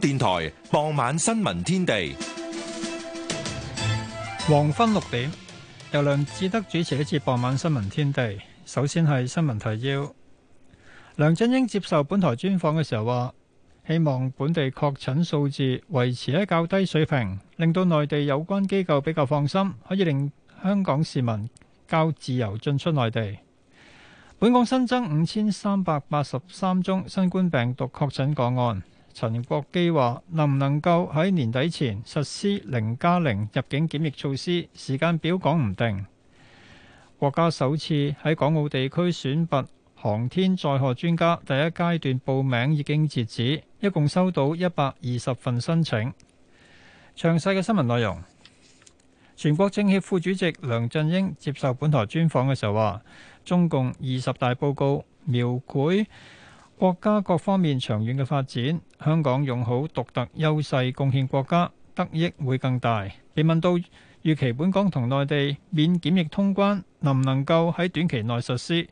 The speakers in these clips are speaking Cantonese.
電台傍晚新聞天地，黃昏六點由梁志德主持一次傍晚新聞天地。首先係新聞提要。梁振英接受本台專訪嘅時候話，希望本地確診數字維持喺較低水平，令到內地有關機構比較放心，可以令香港市民較自由進出內地。本港新增五千三百八十三宗新冠病毒確診個案。陳國基話：能唔能夠喺年底前實施零加零入境檢疫措施？時間表講唔定。國家首次喺港澳地區選拔航天載荷專家，第一階段報名已經截止，一共收到一百二十份申請。詳細嘅新聞內容，全國政協副主席梁振英接受本台專訪嘅時候話：中共二十大報告描繪。國家各方面長遠嘅發展，香港用好獨特優勢，貢獻國家，得益會更大。被問到預期本港同內地免檢疫通關，能唔能夠喺短期內實施？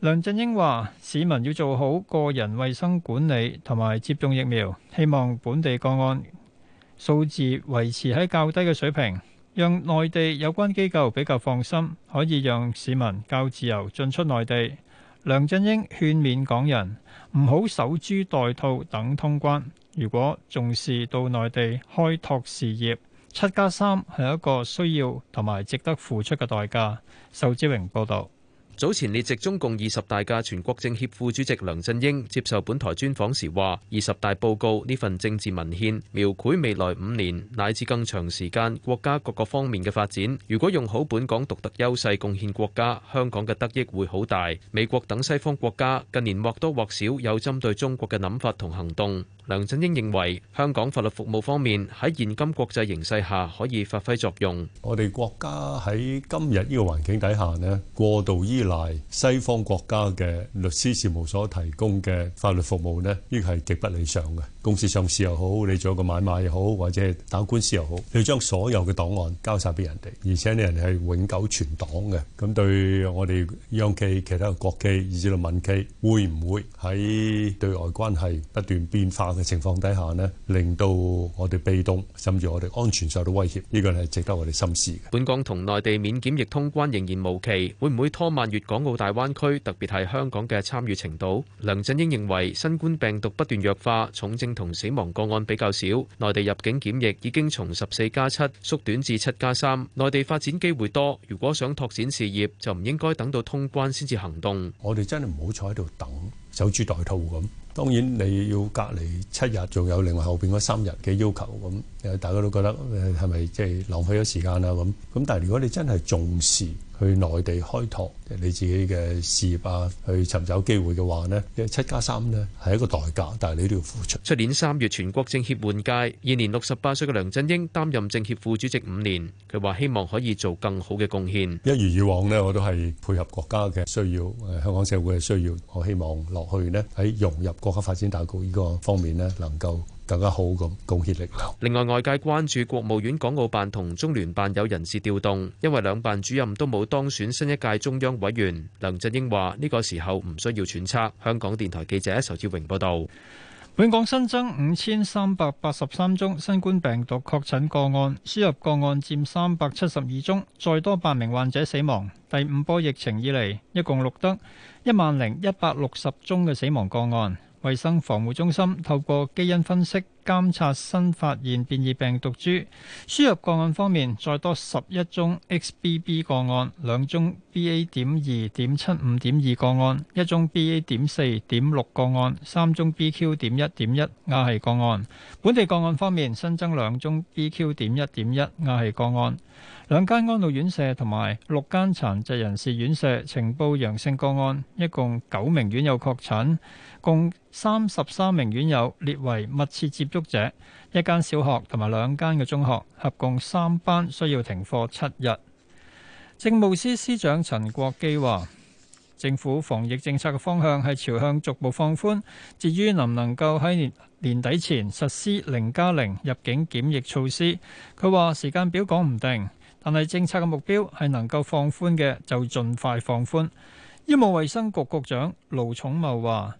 梁振英話，市民要做好個人衛生管理同埋接種疫苗，希望本地個案數字維持喺較低嘅水平，讓內地有關機構比較放心，可以讓市民較自由進出內地。梁振英勸勉港人唔好守株待兔等通關，如果重視到內地開拓事業，七加三係一個需要同埋值得付出嘅代價。仇志榮報導。早前列席中共二十大嘅全國政協副主席梁振英接受本台專訪時話：二十大報告呢份政治文獻描繪未來五年乃至更長時間國家各個方面嘅發展。如果用好本港獨特優勢貢獻國家，香港嘅得益會好大。美國等西方國家近年或多或少有針對中國嘅諗法同行動。梁振英認為，香港法律服務方面喺現今國際形勢下可以發揮作用。我哋國家喺今日呢個環境底下呢，過度依賴嚟西方國家嘅律師事務所提供嘅法律服務咧，呢個係極不理想嘅。公司上市又好，你做個買賣又好，或者打官司又好，你將所有嘅檔案交曬俾人哋，而且你人哋係永久存檔嘅。咁對我哋央企、其他嘅國企以至到民企，會唔會喺對外關係不斷變化嘅情況底下咧，令到我哋被動，甚至我哋安全受到威脅？呢個係值得我哋深思嘅。本港同內地免檢疫通關仍然無期，會唔會拖慢？粵港澳大灣區，特別係香港嘅參與程度。梁振英認為，新冠病毒不斷弱化，重症同死亡個案比較少。內地入境檢疫已經從十四加七縮短至七加三。內地發展機會多，如果想拓展事業，就唔應該等到通關先至行動。我哋真係唔好坐喺度等守株待兔咁。當然你要隔離七日，仲有另外後邊嗰三日嘅要求咁。誒，大家都覺得誒係咪即係浪費咗時間啊咁？咁但係如果你真係重視。去內地開拓你自己嘅事業啊，去尋找機會嘅話呢，七加三呢係一個代價，但係你都要付出。出年三月全國政協換屆，現年六十八歲嘅梁振英擔任政協副主席五年，佢話希望可以做更好嘅貢獻。一如以往呢，我都係配合國家嘅需要，香港社會嘅需要，我希望落去呢，喺融入國家發展大局呢個方面呢，能夠。更加好咁貢獻力量。另外，外界關注國務院港澳辦同中聯辦有人事調動，因為兩辦主任都冇當選新一屆中央委員。梁振英話，呢個時候唔需要揣測。香港電台記者仇志榮報道，本港新增五千三百八十三宗新冠病毒確診個案，輸入個案佔三百七十二宗，再多八名患者死亡。第五波疫情以嚟，一共錄得一萬零一百六十宗嘅死亡個案。衞生防護中心透過基因分析監察新發現變異病毒株。輸入個案方面，再多十一宗 XBB 個案，兩宗 BA. 點二點七五點二個案，一宗 BA. 點四點六個案，三宗 BQ. 點一點一亞系個案。本地個案方面，新增兩宗 BQ. 點一點一亞系個案。兩間安老院舍同埋六間殘疾人士院舍呈報陽性個案，一共九名院友確診，共三十三名院友列為密切接觸者。一間小學同埋兩間嘅中學合共三班需要停課七日。政務司司長陳國基話，政府防疫政策嘅方向係朝向逐步放寬。至於能唔能夠喺年年底前實施零加零入境檢疫措施，佢話時間表講唔定。但係政策嘅目標係能夠放寬嘅就盡快放寬。醫務衛生局局長盧寵茂話，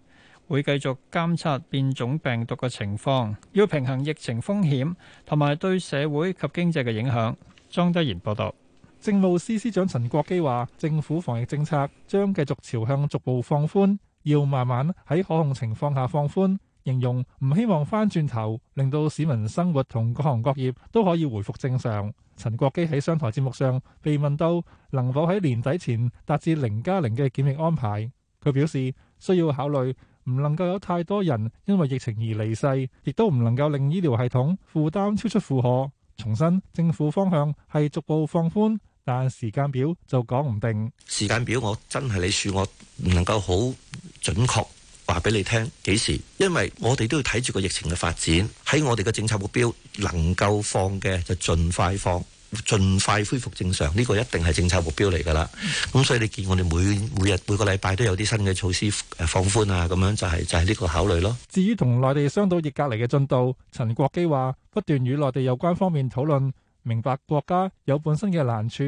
會繼續監察變種病毒嘅情況，要平衡疫情風險同埋對社會及經濟嘅影響。莊德賢報導。政務司司長陳國基話，政府防疫政策將繼續朝向逐步放寬，要慢慢喺可控情況下放寬。形容唔希望翻轉頭，令到市民生活同各行各業都可以回復正常。陳國基喺商台節目上被問到能否喺年底前達至零加零嘅檢疫安排，佢表示需要考慮，唔能夠有太多人因為疫情而離世，亦都唔能夠令醫療系統負擔超出負荷。重申政府方向係逐步放寬，但時間表就講唔定。時間表我真係，你恕我唔能夠好準確。話俾你聽幾時？因為我哋都要睇住個疫情嘅發展，喺我哋嘅政策目標能夠放嘅就盡快放，盡快恢復正常，呢個一定係政策目標嚟噶啦。咁、嗯、所以你見我哋每每日每個禮拜都有啲新嘅措施放寬啊，咁樣就係就係呢個考慮咯。至於同內地商討疫隔離嘅進度，陳國基話不斷與內地有關方面討論，明白國家有本身嘅難處，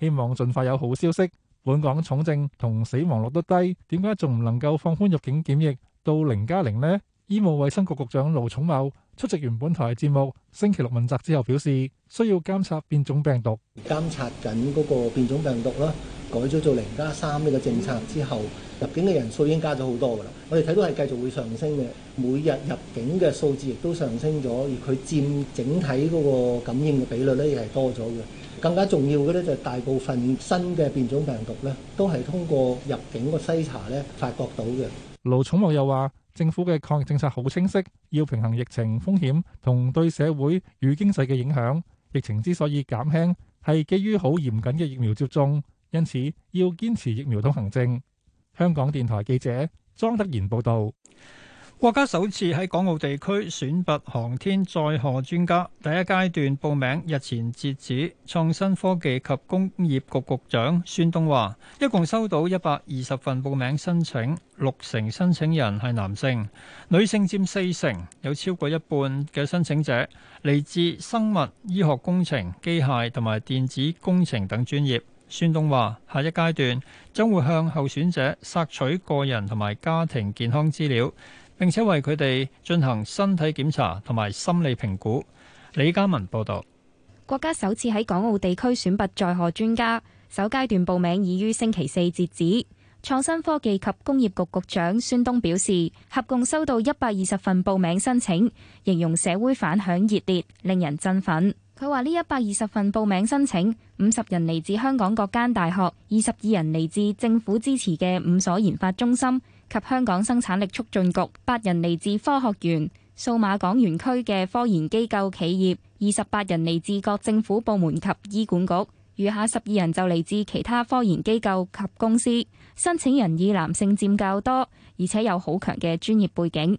希望盡快有好消息。本港重症同死亡率都低，點解仲唔能夠放寬入境檢疫到零加零呢？醫務衛生局局長盧寵茂出席完本台節目星期六問責之後表示，需要監察變種病毒。監察緊嗰個變種病毒啦，改咗做零加三呢個政策之後入境嘅人數已經加咗好多噶啦。我哋睇到係繼續會上升嘅，每日入境嘅數字亦都上升咗，而佢占整體嗰個感染嘅比率咧，亦係多咗嘅。更加重要嘅咧，就大部分新嘅變種病毒咧，都係通過入境個篩查咧發覺到嘅。盧寵茂又話政府嘅抗疫政策好清晰，要平衡疫情風險同對社會與經濟嘅影響，疫情之所以減輕，係基於好嚴謹嘅疫苗接種，因此要堅持疫苗通行證。香港電台記者莊德賢報道。國家首次喺港澳地區選拔航天載荷專家，第一階段報名日前截止。創新科技及工業局局長孫東話，一共收到一百二十份報名申請，六成申請人係男性，女性佔四成，有超過一半嘅申請者嚟自生物、醫學工程、機械同埋電子工程等專業。孫東話，下一階段將會向候選者索取個人同埋家庭健康資料，並且為佢哋進行身體檢查同埋心理評估。李嘉文報導，國家首次喺港澳地區選拔載荷專家，首階段報名已於星期四截止。創新科技及工業局局長孫東表示，合共收到一百二十份報名申請，形容社會反響熱烈，令人振奮。佢話：呢一百二十份報名申請，五十人嚟自香港各間大學，二十二人嚟自政府支持嘅五所研發中心。及香港生產力促進局八人嚟自科學園、數碼港園區嘅科研機構企業，二十八人嚟自各政府部門及醫管局，餘下十二人就嚟自其他科研機構及公司。申請人以男性佔較多，而且有好強嘅專業背景。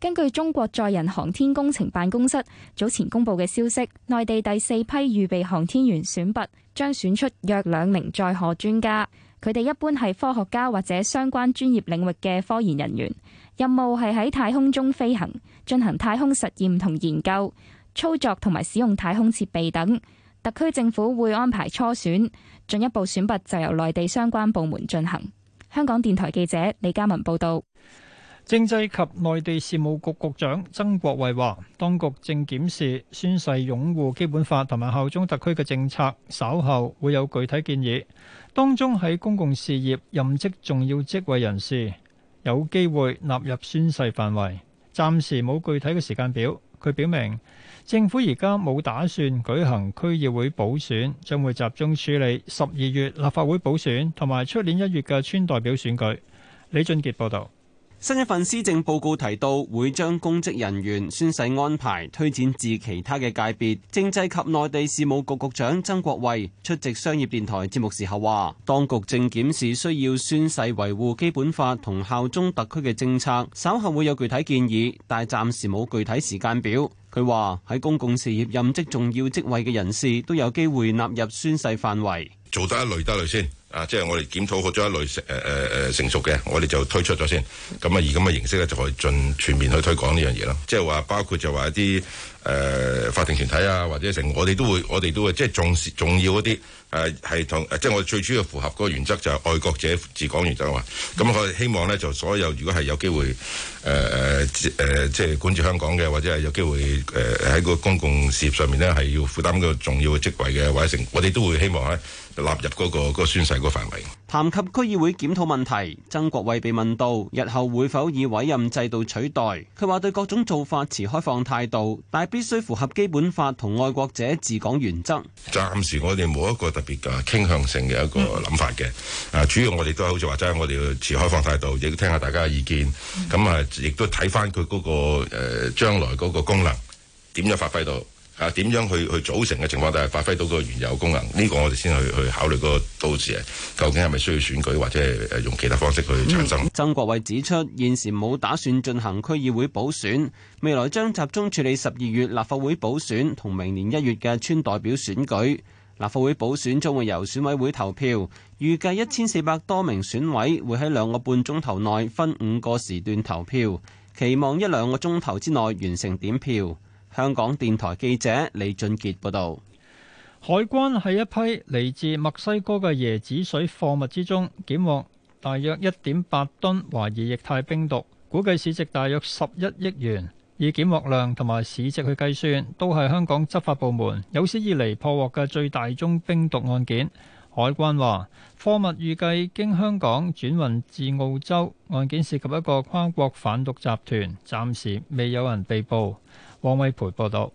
根據中國載人航天工程辦公室早前公布嘅消息，內地第四批預備航天員選拔將選出約兩名載荷專家，佢哋一般係科學家或者相關專業領域嘅科研人員，任務係喺太空中飛行，進行太空實驗同研究、操作同埋使用太空設備等。特區政府會安排初選，進一步選拔就由內地相關部門進行。香港電台記者李嘉文報道。政制及內地事務局局長曾國衛話，當局正檢視宣誓擁護基本法同埋效忠特區嘅政策，稍後會有具體建議。當中喺公共事業任職重要職位人士有機會納入宣誓範圍，暫時冇具體嘅時間表。佢表明，政府而家冇打算舉行區議會補選，將會集中處理十二月立法會補選同埋出年一月嘅村代表選舉。李俊傑報導。新一份施政報告提到，會將公職人員宣誓安排推展至其他嘅界別。政制及內地事務局局長曾國衛出席商業電台節目時候話，當局正檢視需要宣誓維護基本法同效忠特區嘅政策，稍後會有具體建議，但係暫時冇具體時間表。佢話喺公共事業任職重要職位嘅人士都有機會納入宣誓範圍，做得一類得一類先。啊，即係我哋檢討好咗一類誒誒誒成熟嘅，我哋就推出咗先。咁、嗯、啊，以咁嘅形式咧，就去盡全面去推廣呢樣嘢咯。即係話包括就話一啲誒、呃、法定團體啊，或者成，我哋都會我哋都會即係重視重要一啲誒系統。即係我哋最主要符合個原則就係愛國者治港原則啊嘛。咁我哋希望咧就所有如果係有機會誒誒誒即係管治香港嘅，或者係有機會誒喺、呃、個公共事業上面咧係要負擔個重要嘅職位嘅，或者成，我哋都會希望咧納入、嗰個、嗰個宣誓。嗰個宣誓個範圍。談及區議會檢討問題，曾國衛被問到日後會否以委任制度取代，佢話對各種做法持開放態度，但必須符合基本法同愛國者治港原則。暫時我哋冇一個特別嘅傾向性嘅一個諗法嘅，啊，主要我哋都係好似話齋，我哋要持開放態度，亦聽下大家嘅意見，咁啊，亦都睇翻佢嗰個誒將、呃、來嗰個功能點樣發揮到。啊，點樣去去組成嘅情況，但係發揮到個原有功能，呢、這個我哋先去去考慮嗰個到時究竟係咪需要選舉，或者係用其他方式去產生。曾國衛指出，現時冇打算進行區議會補選，未來將集中處理十二月立法會補選同明年一月嘅村代表選舉。立法會補選將會由選委會投票，預計一千四百多名選委會喺兩個半鐘頭內分五個時段投票，期望一兩個鐘頭之內完成點票。香港電台記者李俊杰報道，海關喺一批嚟自墨西哥嘅椰子水貨物之中，檢獲大約一點八噸懷疑液態冰毒，估計市值大約十一億元。以檢獲量同埋市值去計算，都係香港執法部門有史以嚟破獲嘅最大宗冰毒案件。海關話，貨物預計經香港轉運至澳洲，案件涉及一個跨國販毒集團，暫時未有人被捕。黃偉培報道，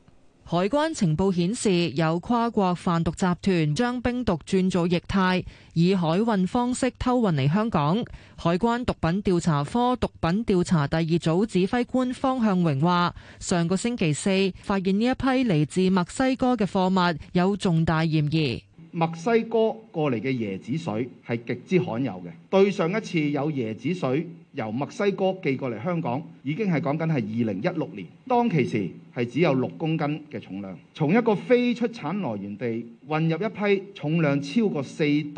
海關情報顯示有跨國販毒集團將冰毒轉做液態，以海運方式偷運嚟香港。海關毒品調查科毒品調查第二組指揮官方向榮話，上個星期四發現呢一批嚟自墨西哥嘅貨物有重大嫌疑。墨西哥過嚟嘅椰子水係極之罕有嘅。對上一次有椰子水由墨西哥寄過嚟香港，已經係講緊係二零一六年。當其時係只有六公斤嘅重量，從一個非出產來源地運入一批重量超過四噸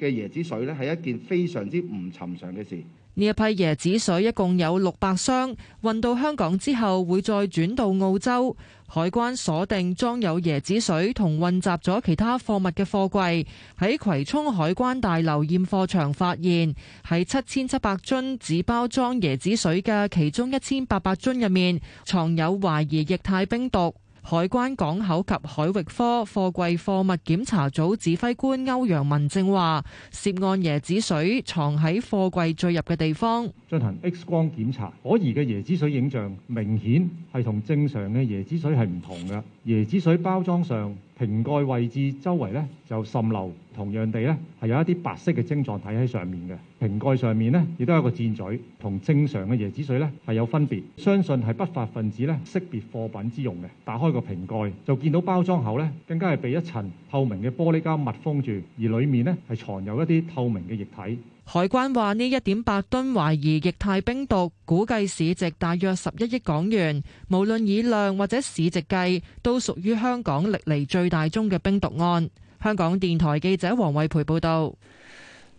嘅椰子水咧，係一件非常之唔尋常嘅事。呢一批椰子水一共有六百箱，運到香港之後會再轉到澳洲。海關鎖定裝有椰子水同混雜咗其他貨物嘅貨櫃，喺葵涌海關大樓驗貨場發現，喺七千七百樽紙包裝椰子水嘅其中一千八百樽入面藏有懷疑液態冰毒。海關港口及海域科貨櫃貨物檢查組指揮官歐陽文正話，涉案椰子水藏喺貨櫃最入嘅地方，進行 X 光檢查，可疑嘅椰子水影像明顯係同正常嘅椰子水係唔同嘅，椰子水包裝上瓶蓋位置周圍呢就滲漏，同樣地咧，係有一啲白色嘅晶狀體喺上面嘅瓶蓋上面呢，亦都有一個箭嘴，同正常嘅椰子水呢係有分別。相信係不法分子呢識別貨品之用嘅。打開個瓶蓋就見到包裝口呢更加係被一層透明嘅玻璃膠密封住，而裡面呢係藏有一啲透明嘅液體。海關話呢一點八噸懷疑液態冰毒，估計市值大約十一億港元。無論以量或者市值計，都屬於香港歷嚟最大宗嘅冰毒案。香港電台記者王慧培報道，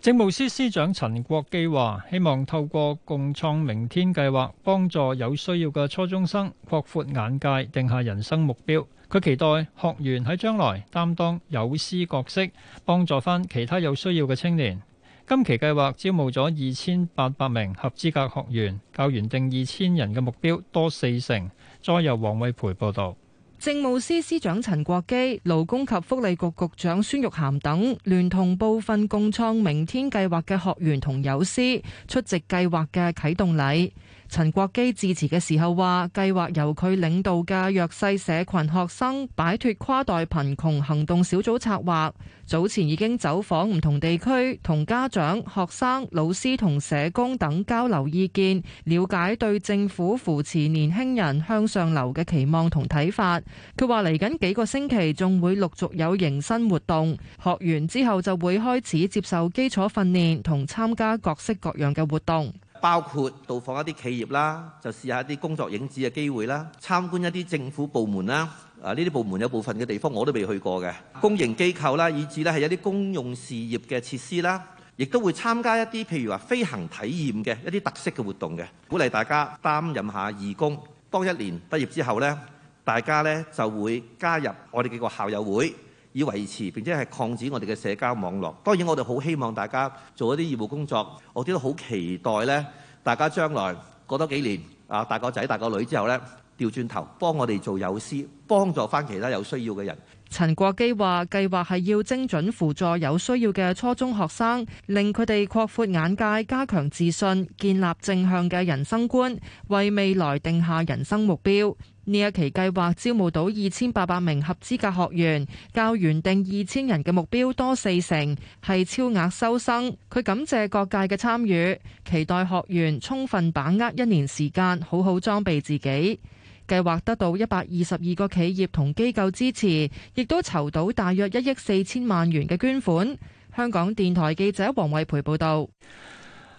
政務司司長陳國基話，希望透過共創明天計劃，幫助有需要嘅初中生擴闊眼界，定下人生目標。佢期待學員喺將來擔當有師角色，幫助翻其他有需要嘅青年。今期計劃招募咗二千八百名合資格學員，教員定二千人嘅目標多四成。再由王慧培報道。政務司司長陳國基、勞工及福利局局長孫玉菡等，聯同部分共創明天計劃嘅學員同友師出席計劃嘅啟動禮。陳國基致辭嘅時候話，計劃由佢領導嘅弱勢社群學生擺脫跨代貧窮行動小組策劃，早前已經走訪唔同地區，同家長、學生、老師同社工等交流意見，了解對政府扶持年輕人向上流嘅期望同睇法。佢話嚟緊幾個星期仲會陸續有迎新活動，學完之後就會開始接受基礎訓練同參加各式各樣嘅活動。包括到訪一啲企業啦，就試下啲工作影子嘅機會啦；參觀一啲政府部門啦，啊呢啲部門有部分嘅地方我都未去過嘅公、啊、營機構啦，以至咧係一啲公用事業嘅設施啦，亦都會參加一啲譬如話飛行體驗嘅一啲特色嘅活動嘅，鼓勵大家擔任下義工。當一年畢業之後咧，大家咧就會加入我哋幾個校友會。以維持並且係擴展我哋嘅社交網絡，當然，我哋好希望大家做一啲義務工作，我哋都好期待咧，大家將來過多幾年啊，大個仔大個女之後咧，調轉頭幫我哋做幼師，幫助翻其他有需要嘅人。陳國基話：計劃係要精準輔助有需要嘅初中學生，令佢哋擴闊眼界、加強自信、建立正向嘅人生觀，為未來定下人生目標。呢一期計劃招募到二千八百名合資格學員，較原定二千人嘅目標多四成，係超額收生。佢感謝各界嘅參與，期待學員充分把握一年時間，好好裝備自己。計劃得到一百二十二個企業同機構支持，亦都籌到大約一億四千萬元嘅捐款。香港電台記者黃惠培報道。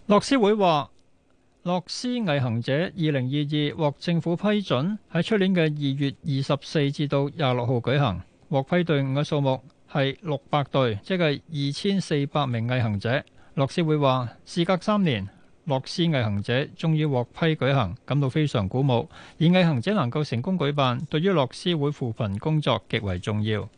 樂施會話：樂施毅行者二零二二獲政府批准喺出年嘅二月二十四至到廿六號舉行，獲批隊伍嘅數目係六百隊，即係二千四百名毅行者。樂施會話：事隔三年。樂施毅行者終於獲批舉行，感到非常鼓舞。而毅行者能夠成功舉辦，對於樂施會扶貧工作極為重要。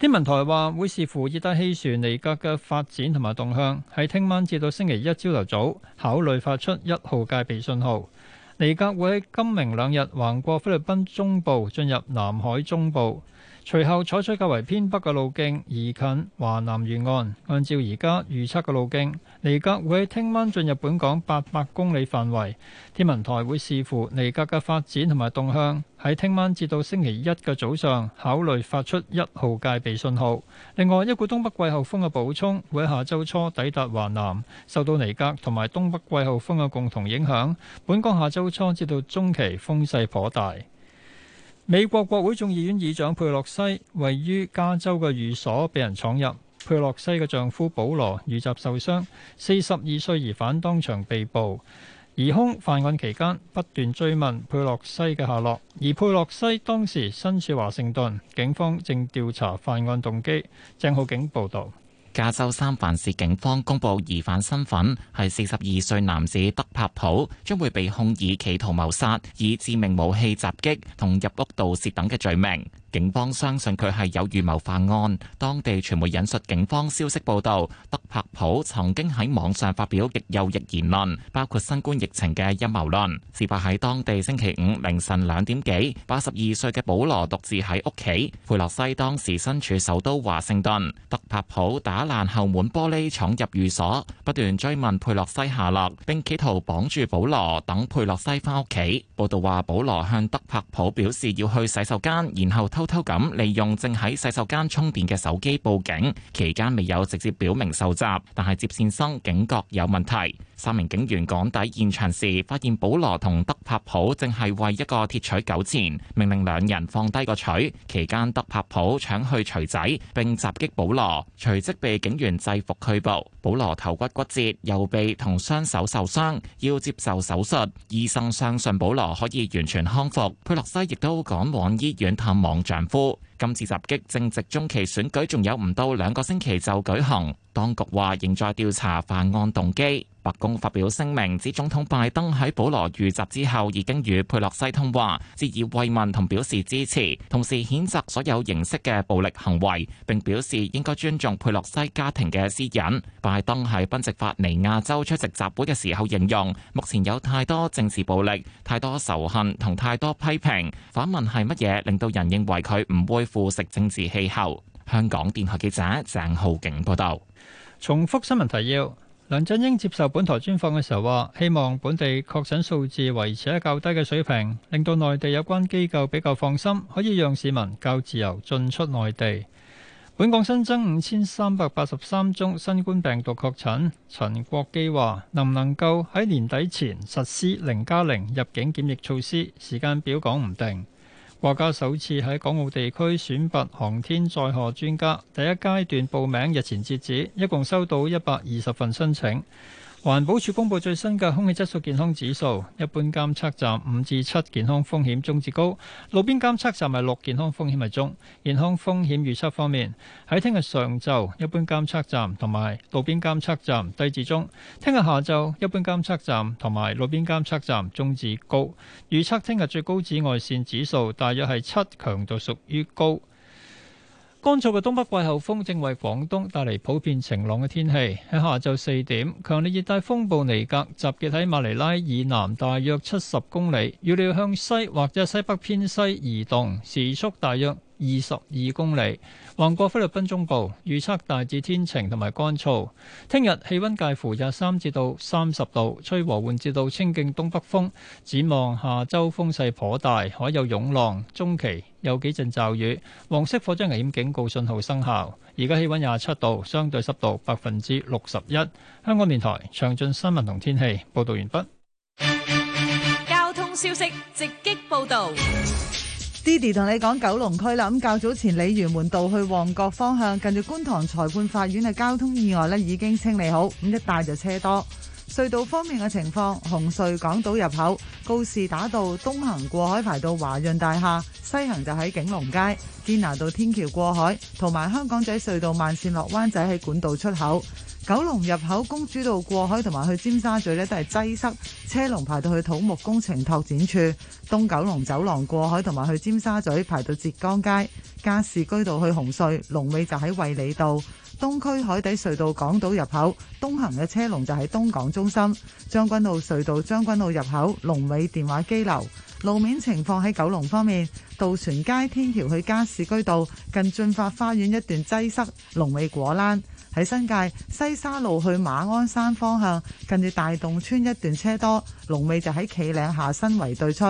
天文台話會視乎熱帶氣旋尼格嘅發展同埋動向，喺聽晚至到星期一朝頭早考慮發出一號戒備信號。尼格會喺今明兩日橫過菲律賓中部，進入南海中部。隨後採取較為偏北嘅路徑移近華南沿岸。按照而家預測嘅路徑，尼格會喺聽晚進入本港八百公里範圍。天文台會視乎尼格嘅發展同埋動向，喺聽晚至到星期一嘅早上考慮發出一號戒備信號。另外，一股東北季候風嘅補充會喺下周初抵達華南，受到尼格同埋東北季候風嘅共同影響，本港下周初至到中期風勢頗大。美國國會眾議院議長佩洛西位於加州嘅寓所被人闖入，佩洛西嘅丈夫保羅遇襲受傷，四十二歲疑犯當場被捕，疑兇犯案期間不斷追問佩洛西嘅下落，而佩洛西當時身處華盛頓，警方正調查犯案動機。鄭浩景報道。加州三藩市警方公布疑犯身份，係四十二歲男子德帕普，將會被控以企圖謀殺、以致命武器襲擊同入屋盜竊等嘅罪名。警方相信佢係有預謀犯案。當地傳媒引述警方消息報導，德柏普曾經喺網上發表極右翼言論，包括新冠疫情嘅陰謀論。事發喺當地星期五凌晨兩點幾，八十二歲嘅保羅獨自喺屋企。佩洛西當時身處首都華盛頓，德柏普打爛後門玻璃闖入寓所，不斷追問佩洛西下落，並企圖綁住保羅，等佩洛西翻屋企。報道話，保羅向德柏普表示要去洗手間，然後，偷偷咁利用正喺洗手間充電嘅手機報警，期間未有直接表明受襲，但係接線生警覺有問題。三名警員趕抵現場時，發現保羅同德帕普正係為一個鐵錘糾纏，命令兩人放低個錘。期間，德帕普搶去錘仔，並襲擊保羅，隨即被警員制服拘捕。保羅頭骨骨折，右臂同雙手受傷，要接受手術。醫生相信保羅可以完全康復。佩洛西亦都趕往醫院探望丈夫。今次襲擊正值中期選舉，仲有唔到兩個星期就舉行。當局話仍在調查犯案動機。白宮發表聲明，指總統拜登喺保羅遇襲之後，已經與佩洛西通話，致以慰問同表示支持，同時譴責所有形式嘅暴力行為，並表示應該尊重佩洛西家庭嘅私隱。拜登喺賓夕法尼亞州出席集會嘅時候形容，目前有太多政治暴力、太多仇恨同太多批評，反問係乜嘢令到人認為佢唔會腐蝕政治氣候。香港電台記者鄭浩景報道。重複新聞提要。梁振英接受本台專訪嘅時候話，希望本地確診數字維持喺較低嘅水平，令到內地有關機構比較放心，可以讓市民較自由進出內地。本港新增五千三百八十三宗新冠病毒確診。陳國基話，能唔能夠喺年底前實施零加零入境檢疫措施，時間表講唔定。國家首次喺港澳地區選拔航天載荷專家，第一階段報名日前截止，一共收到一百二十份申請。環保署公布最新嘅空氣質素健康指數，一般監測站五至七健康風險中至高，路邊監測站係六健康風險係中。健康風險預測方面，喺聽日上晝，一般監測站同埋路邊監測站低至中；聽日下晝，一般監測站同埋路邊監測站中至高。預測聽日最高紫外線指數大約係七，強度屬於高。乾燥嘅東北季候風正為廣東帶嚟普遍晴朗嘅天氣。喺下晝四點，強烈熱帶風暴尼格集結喺馬尼拉以南大約七十公里，預料向西或者西北偏西移動，時速大約。二十二公里，橫過菲律賓中部，預測大致天晴同埋乾燥。聽日氣溫介乎廿三至到三十度，吹和緩至到清勁東北風。展望下周風勢頗大，海有湧浪。中期有幾陣驟雨，黃色火災危險警告信號生效。而家氣溫廿七度，相對濕度百分之六十一。香港電台詳盡新聞同天氣報道完畢。交通消息直擊報道。Didi 同你講九龍區啦，咁較早前鯉魚門道去旺角方向，近住觀塘裁判法院嘅交通意外呢，已經清理好，咁一帶就車多。隧道方面嘅情況，紅隧港島入口、告士打道東行過海排到華潤大廈，西行就喺景隆街、堅拿道天橋過海，同埋香港仔隧道慢線落灣仔喺管道出口。九龍入口公主道過海同埋去尖沙咀呢，都係擠塞，車龍排到去土木工程拓展處；東九龍走廊過海同埋去尖沙咀排到浙江街；加士居道去紅隧，龍尾就喺衛理道；東區海底隧道港島入口東行嘅車龍就喺東港中心。將軍澳隧道將軍澳入口龍尾電話機樓。路面情況，喺九龍方面，渡船街天橋去加士居道近駿發花園一段擠塞，龍尾果欄。喺新界西沙路去馬鞍山方向，近住大洞村一段車多，龍尾就喺企嶺下新圍對出；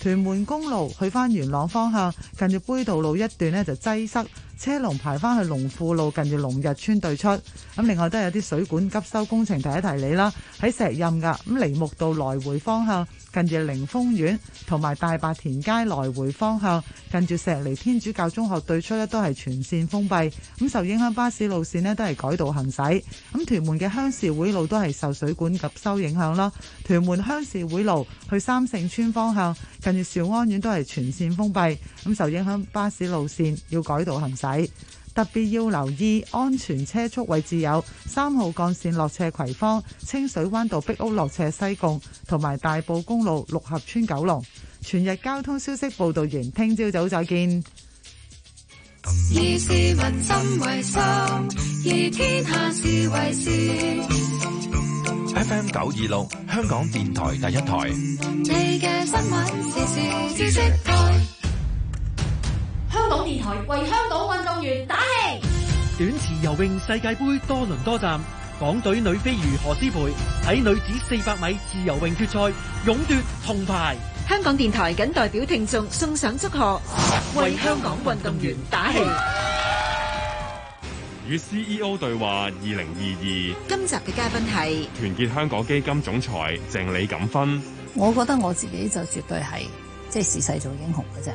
屯門公路去翻元朗方向，近住杯渡路一段呢就擠塞，車龍排翻去龍富路近住龍日村對出。咁另外都有啲水管急修工程，提一提你啦。喺石蔭噶咁梨木道來回方向。近住凌峰苑同埋大白田街來回方向，近住石籬天主教中學對出咧都係全線封閉。咁受影響巴士路綫咧都係改道行駛。咁屯門嘅鄉事會路都係受水管急修影響啦。屯門鄉事會路去三聖村方向，近住兆安苑都係全線封閉。咁受影響巴士路線要改道行駛。特別要留意安全車速位置有三號幹線落斜葵芳、清水灣道壁屋落斜西貢，同埋大埔公路六合村九龍。全日交通消息報道完，聽朝早再見。以市民心為心，以天下事為事。 FM 九二六，香港電台第一台。 你嘅新聞，時時知識台。香港電台為香港運動員打氣。短池游泳世界杯多倫多站，港隊女飛魚何詩蓓喺女子四百米自由泳決賽勇奪銅牌。香港電台謹代表聽眾送上祝賀，為香港運動員打氣。與 CEO 對話二零二二，2022, 今集嘅嘉賓係團結香港基金總裁鄭李錦芬。我覺得我自己就絕對係即係時勢造英雄嘅啫。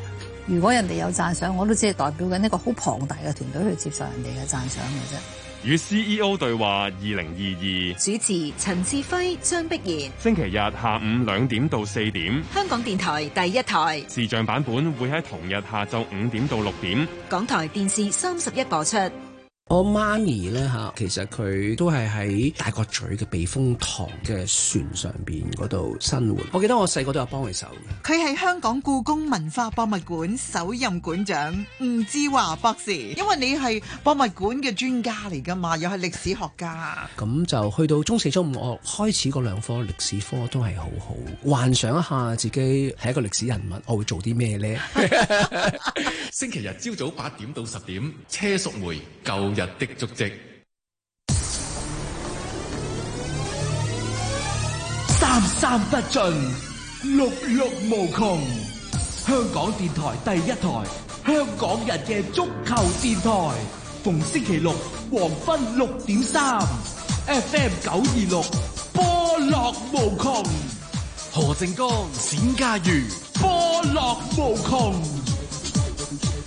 如果人哋有讚賞，我都只係代表緊一個好龐大嘅團隊去接受人哋嘅讚賞嘅啫。與 CEO 對話二零二二，主持陳志輝、張碧然，星期日下午兩點到四點，香港電台第一台。視像版本會喺同日下晝五點到六點，港台電視三十一播出。我媽咪咧吓，其實佢都係喺大角咀嘅避風塘嘅船上邊嗰度生活。我記得我細個都有幫佢手嘅。佢係香港故宮文化博物館首任館長吳志華博士。因為你係博物館嘅專家嚟噶嘛，又係歷史學家。咁就去到中四中五，我開始嗰兩科歷史科都係好好。幻想一下自己係一個歷史人物，我會做啲咩咧？ 星期日朝早八點到十點，車淑梅舊日的足跡，三三不盡，六六無窮。香港電台第一台，香港人嘅足球電台，逢星期六黃昏六點三，FM 九二六，波樂無窮。何靜江、冼家瑜，波樂無窮。